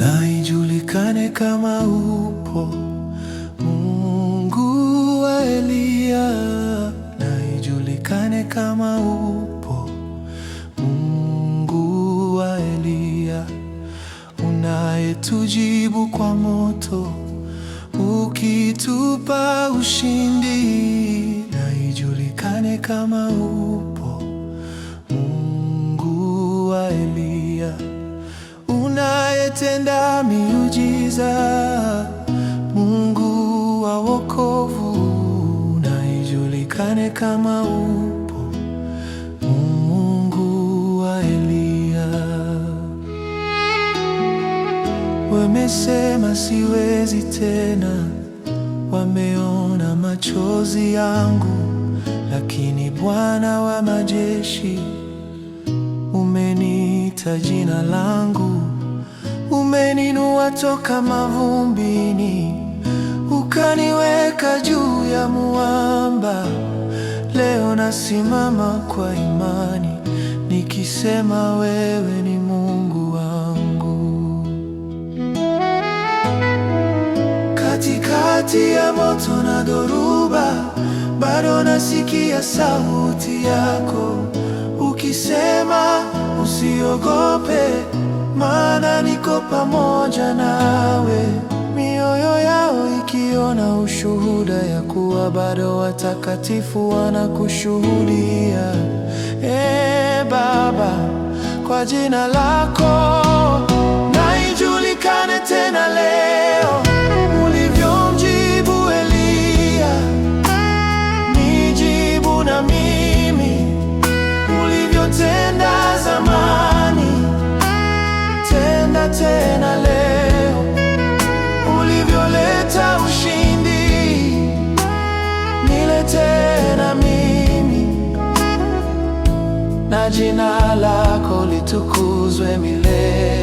na ijulikane kama upo Mungu wa Eliya, na ijulikane kama upo Mungu wa Eliya, unayetujibu kwa moto ukitupa ushindi, na ijulikane kama upo giza, Mungu wa wokovu, na ijulikane kama upo, Mungu wa Eliya. Wamesema siwezi tena, wameona machozi yangu, lakini Bwana wa majeshi, umeniita jina langu umeninua toka mavumbini, ukaniweka juu ya mwamba. Leo nasimama kwa imani nikisema, wewe ni Mungu wangu. Katikati ya moto na dhoruba, bado nasikia sauti yako ukisema Usiogope, maana niko pamoja nawe. Mioyo yao ikiona ushuhuda ya kuwa bado watakatifu wanakushuhudia. E Baba, kwa jina lako na ijulikane tena leo. tena mimi, na jina lako litukuzwe milele.